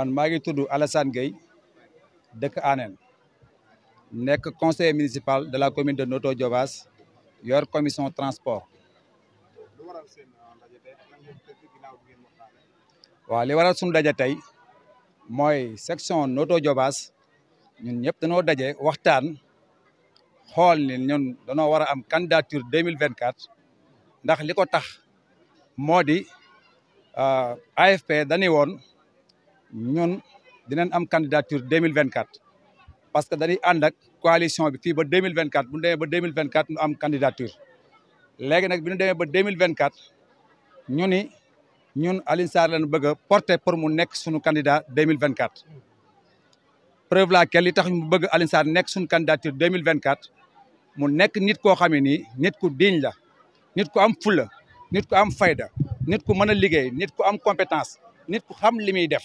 man maa ngi tudd Alassane Gueye dekk Anen nek conseiller municipal de la commune de noto jobas yor commission transport. wa li waral suñu dajé tay moy section noto jobas ñun ñep dañu daje waxtaan xol ni ñun dañu wara am candidature 2024 ndax liko tax modi euh AFP dañi won ñun dinañ am candidature 2024 parce que dañuy and coalition bi fii ba 2024 bu ñu ba 2024 ñu am candidature léegi nag bi ñu ba 2024 ñu ni ñun Aline Sarr lañu bëgg a pour mu nekk sunu candidat 2024 preuve la kelli tax mu bëgg Aline Sarr nekk sunu candidature 2024 mu nekk nit koo xam ni nit ku diñ la nit ku am fulla nit ku am fayda nit ku mën a liggéey nit ku am compétence nit ku xam li def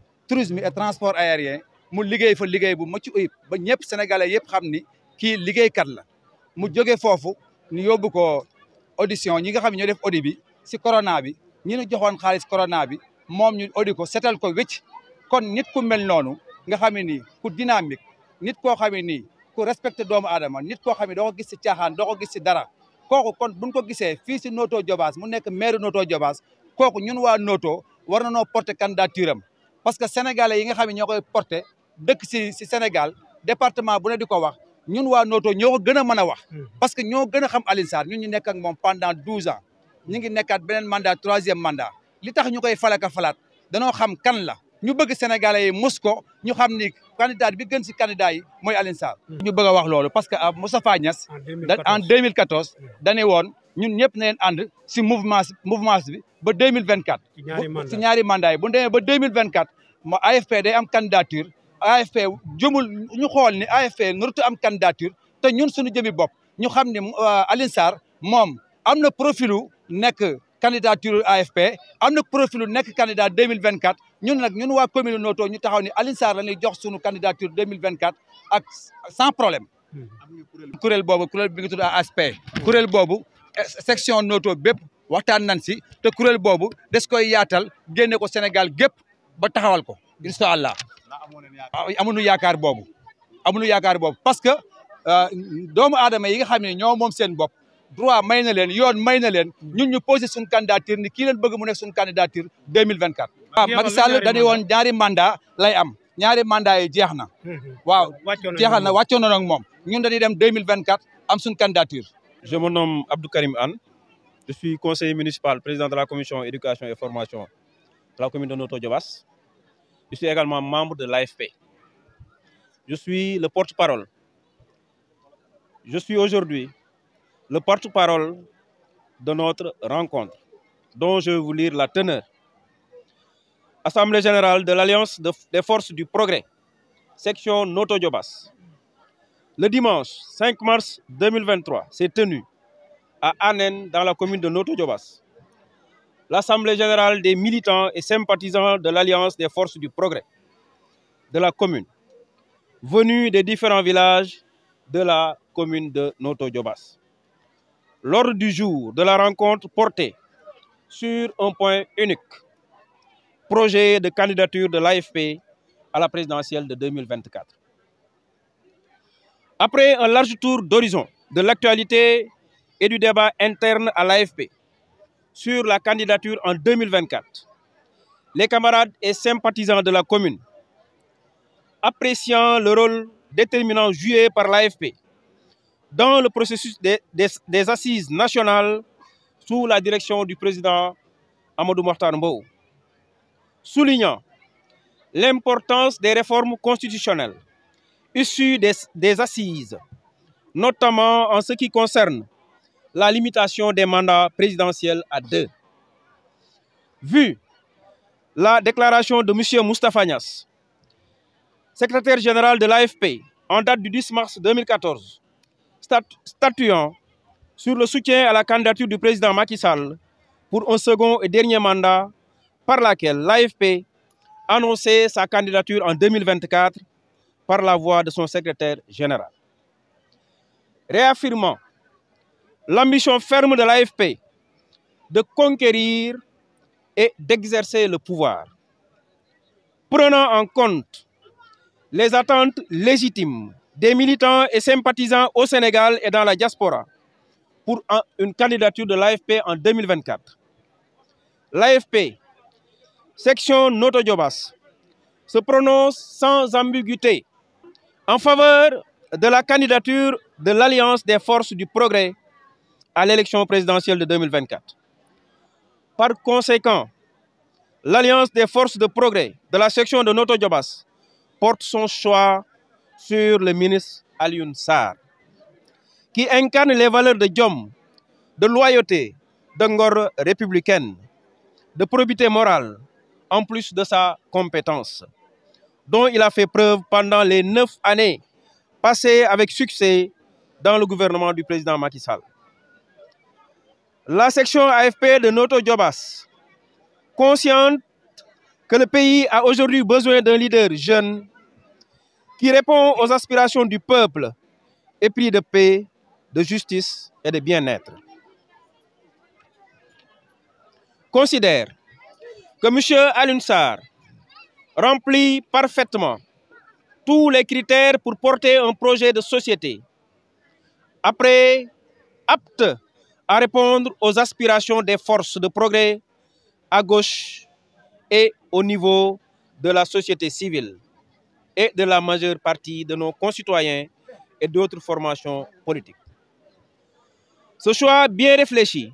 tourisme e transport aérien mu liggéey fa liggéey bu mucc ayib ba ñëpp sénégalais yëpp xam ni kii liggéeykat la mu jóge foofu ñu yóbbu ko audition ñi nga xam ne ñoo def audit bi si corona bi ñi ñu joxoon xaalis corona bi moom ñu audit ko setal ko wécc kon nit ku mel noonu nga xam ne nii ku dynamique nit koo xam ne nii ku respecté doomu aadama nit koo xam ne doo gis si caaxaan doo ko gis si dara kooku kon buñ ko gisee fii si noto Diobass mu nekk maire noto Diobass kooku ñun waa Notto war na noo porter candidature am parce que sénégalais yi nga xam Sénégal département de ne wax ñun un Noto mm-hmm. parce que nous avons xam pendant 12 ans ñu ngi mandat troisième mandat li tax avons falaka falaat Nous xam kan la. ñu bëgg sénégalais yi Moscou. Nous ñu xam ni candidat bi candidat yi Sarr. Mm-hmm. ñu parce que ah, Moustapha Niass. en 2014 en 2014 un, mm-hmm. ñun ñëpp pas mouvement ba deux mille vingt quatre. si ñaari mandaay yi bu demee ba deux mille vingt quatre ma AFP day am candidature AFP jëmul ñu xool ni AFP naratu am candidature te ñun suñu jëmi bopp ñu xam ne euh, Alioune Sarr moom am na profilu nekk candidature AFP am na profilu nek candidat deux mille vingt quatre ñun nag ñun wa commune Noto ñu taxaw ni Alioune Sarr la ñuy jox suñu candidature deux mille vingt quatre ak sans problème. Hmm. kuréel boobu kuréel bi nga tudd ASP. kuréel boobu section Noto bépp. waxtaan nañ si te kuréel boobu des koy yaatal génne ko Sénégal gépp ba taxawal ko incha allah amuñu yaakaar boobu amuñu yaakaar boobu parce que euh, doom aadama yi nga xam ne moom seen bopp droit may na leen yoon may na leen ñun ñu posé suñu candidature ni kii leen bëgg mu nekk suñu candidature 2024 waaw Macky Sall dañuy woon ñaari manda lay am ñaari manda yi jeex na waaw jeexal na wàccoon na ak moom ñun dañuy dem 2024 am suñu candidature je me nomme Abdou Karim Anne Je suis conseiller municipal, président de la commission éducation et formation de la commune de Noto Diabas. Je suis également membre de l'AFP. Je suis le porte-parole. Je suis aujourd'hui le porte-parole de notre rencontre, dont je vais vous lire la teneur. Assemblée générale de l'Alliance des forces du progrès, section Noto Le dimanche 5 mars 2023 c'est tenu à Anen, dans la commune de noto L'Assemblée générale des militants et sympathisants de l'Alliance des forces du progrès de la commune, venue des différents villages de la commune de noto -Diobas. Lors du jour de la rencontre portée sur un point unique, projet de candidature de l'AFP à la présidentielle de 2024. Après un large tour d'horizon de l'actualité et du débat interne à l'AFP sur la candidature en 2024. Les camarades et sympathisants de la commune, appréciant le rôle déterminant joué par l'AFP dans le processus des, assises nationales sous la direction du président Amadou Mortar Mbou, soulignant l'importance des réformes constitutionnelles issues des assises, notamment en ce qui concerne la limitation des mandats présidentiels à deux. Vu la déclaration de M. Moustapha Nias, secrétaire général de l'AFP, en date du 10 mars 2014, statuant sur le soutien à la candidature du président Macky Sall pour un second et dernier mandat par laquelle l'AFP annonçait sa candidature en 2024 par la voix de son secrétaire général. Réaffirmant l'ambition ferme de l'AFP de conquérir et d'exercer le pouvoir, prenant en compte les attentes légitimes des militants et sympathisants au Sénégal et dans la diaspora pour une candidature de l'AFP en 2024. L'AFP, section Noto se prononce sans ambiguïté en faveur de la candidature de l'Alliance des forces du progrès à l'élection présidentielle de 2024. Par conséquent, l'Alliance des forces de progrès de la section de Noto Djobas porte son choix sur le ministre Alioun Sar, qui incarne les valeurs de Djom, de loyauté, d'engor républicaine, de probité morale, en plus de sa compétence, dont il a fait preuve pendant les neuf années passées avec succès dans le gouvernement du président Macky Sall. La section AFP de Noto Jobas, consciente que le pays a aujourd'hui besoin d'un leader jeune qui répond aux aspirations du peuple, et pris de paix, de justice et de bien-être, considère que M. Alunsar remplit parfaitement tous les critères pour porter un projet de société après apte à répondre aux aspirations des forces de progrès à gauche et au niveau de la société civile et de la majeure partie de nos concitoyens et d'autres formations politiques. Ce choix bien réfléchi,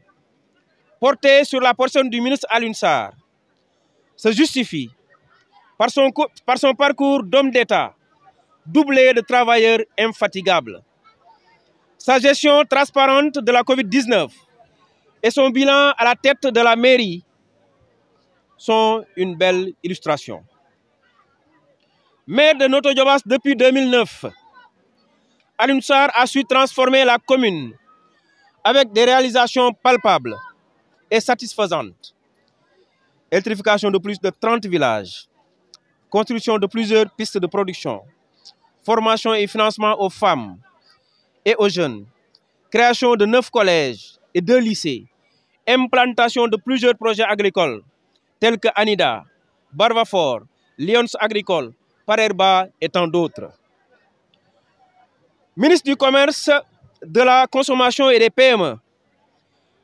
porté sur la personne du ministre Alun Sarr, se justifie par son, par son parcours d'homme d'État, doublé de travailleurs infatigables, sa gestion transparente de la COVID-19 et son bilan à la tête de la mairie sont une belle illustration. Maire de Noto depuis 2009, Alumsar a su transformer la commune avec des réalisations palpables et satisfaisantes. Électrification de plus de 30 villages, construction de plusieurs pistes de production, formation et financement aux femmes, et aux jeunes, création de neuf collèges et deux lycées, implantation de plusieurs projets agricoles tels que Anida, Barvafort, Lyons Agricole, Parerba et tant d'autres. Ministre du Commerce, de la Consommation et des PME,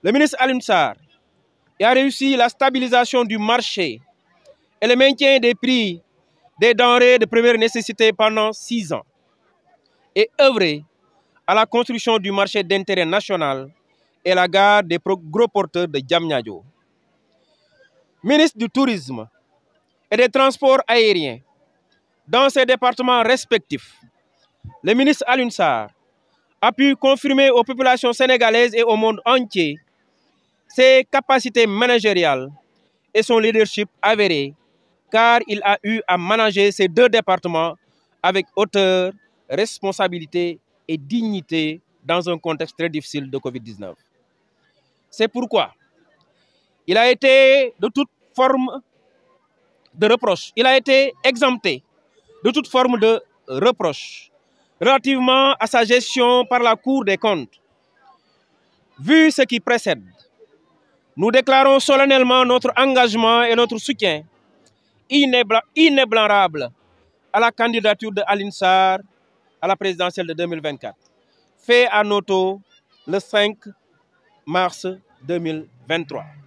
le ministre Alimsar a réussi la stabilisation du marché et le maintien des prix des denrées de première nécessité pendant six ans et œuvré à la construction du marché d'intérêt national et la gare des gros porteurs de Djamnyadjo. Ministre du Tourisme et des Transports aériens, dans ses départements respectifs, le ministre Alunsar a pu confirmer aux populations sénégalaises et au monde entier ses capacités managériales et son leadership avéré, car il a eu à manager ces deux départements avec hauteur, responsabilité et dignité dans un contexte très difficile de Covid-19. C'est pourquoi il a été de toute forme de reproche, il a été exempté de toute forme de reproche relativement à sa gestion par la Cour des comptes. Vu ce qui précède, nous déclarons solennellement notre engagement et notre soutien inébranlable à la candidature de Aline Sarr à la présidentielle de 2024, fait à Noto le 5 mars 2023.